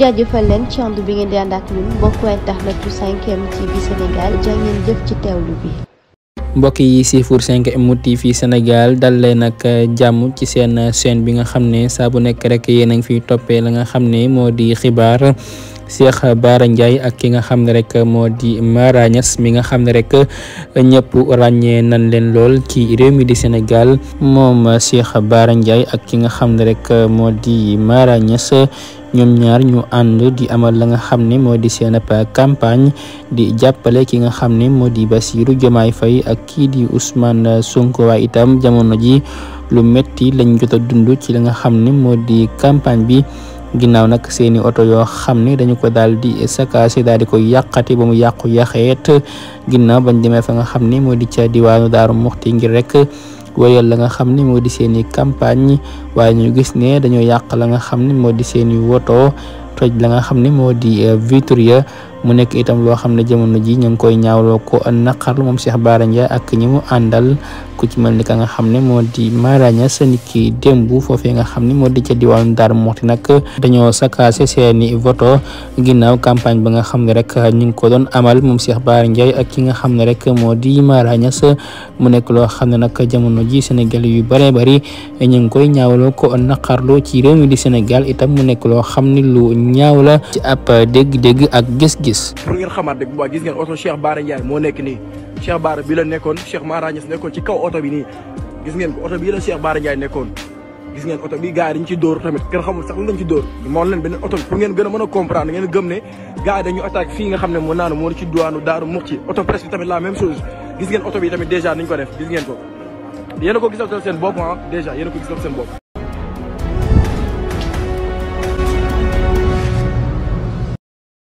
jaajëfal leen ci ànd bi ngeen di ànd ak ñun mbokku internet bu m TV Sénégal jaa jëf ci teewlu bi. mbokk yi si four 5M TV Sénégal dal leen nag euh, jàmm ci seen seen euh, bi nga xam ne saa bu nekk rek yéen a fiy toppee la nga xam ne moo di xibaar. Cheikh Bara Ndiaye ak ki nga xam ne rek moo di Mara mi nga xam ne rek ñëpp ràññee nan leen lool ci réew mi di Sénégal moom Cheikh Bara Ndiaye ak ki nga xam ne rek moo di Mara ñoom ñaar ñu ànd di amal la nga xam ne moo di seen ab campagne di jàppale ki nga xam ne moo di basiiru Diomaye fay ak kii di Ousmane Sonko waaye itam jamono ji lu metti lañ jot a dund ci la nga xam ne moo di campagne bi ginnaaw nag seeni oto yoo xam ne dañu ko daal di sakaasi daal di ko yàqati ba mu yàqu yaxeet ginnaaw bañ demee fa nga xam ne moo di ca diwaanu daaru muxti ngir rek wéyal la nga xam ne moo di seeni campagne waaye ñu gis ne dañoo yàq la nga xam ne moo di seeni woto toj la nga xam ne moo di eh, vitre mu nekk itam loo xam ne jamono ji ñu ngi koy ñaawloo ko naqar moom Cheikh Bara Ndiaye ak ñi mu àndal ku ci mel ni ka nga xam ne moo di maaraña sani ki démb foofee nga xam ne moo di ca diwaanu Darou Mouhty nag dañoo sakaase seeni voto ginnaaw campagne ba nga xam ne rek ñu ngi ko doon amal moom Cheikh Bara Ndiaye ak ki nga xam ne rek moo di maaraña sa mu nekk loo xam ne nag jamono ji Sénégal yu bare bari ñu ngi koy ñaawloo ko naqarloo ci réew mi di Sénégal itam mu nekk loo xam ne lu ñaaw la ci ab dégg-dégg ak gis-gis gis. pour ngeen xamaat rek bu gis ngeen oto Cheikh Bara Ndiaye moo nekk nii Cheikh Bara bi la nekkoon Cheikh Mara Niass nekkoon ci kaw oto bi nii gis ngeen ko bi gars yi dañu attaque fii nga xam ne moo naanu moo ci duwaanu daaru mux ci oto presse tamit la même chose gis ngeen oto bi tamit dèjà niñ ko def gis ko yéena ko bopp ah ko gisal seen bopp